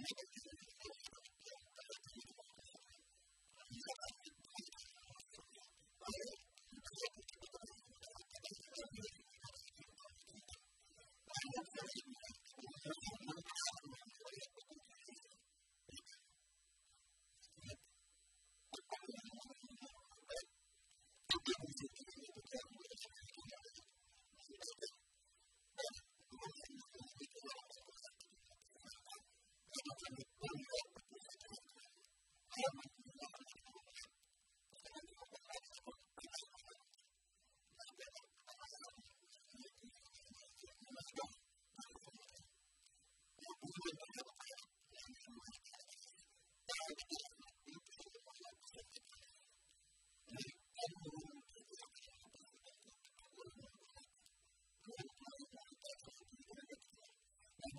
make it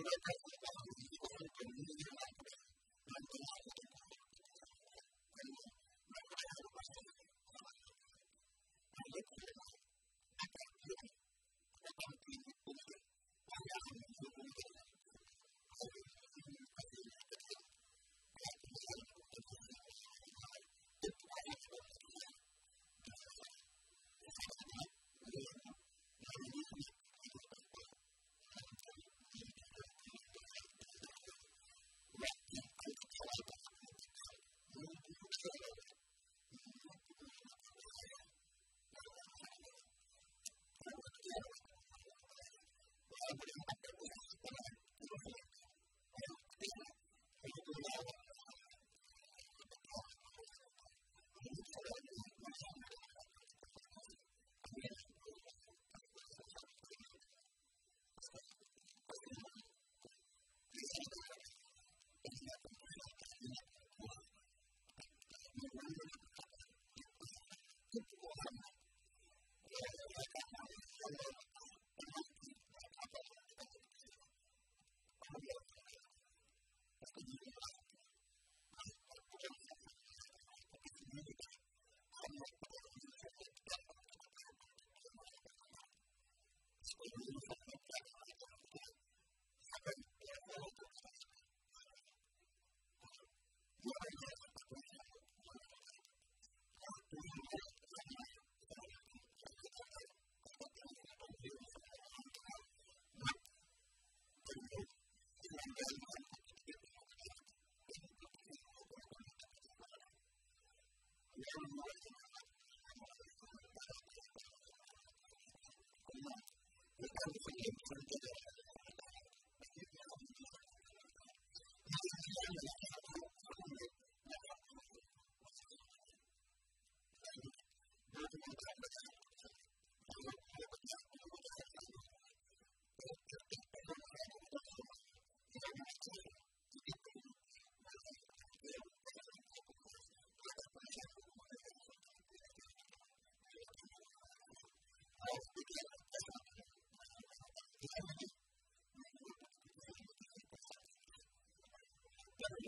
una carta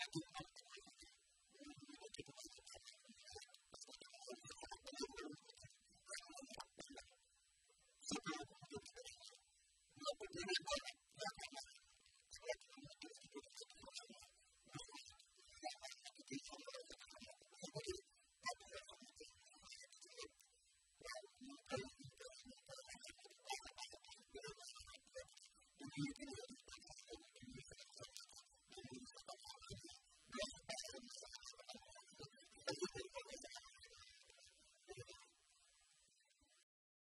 la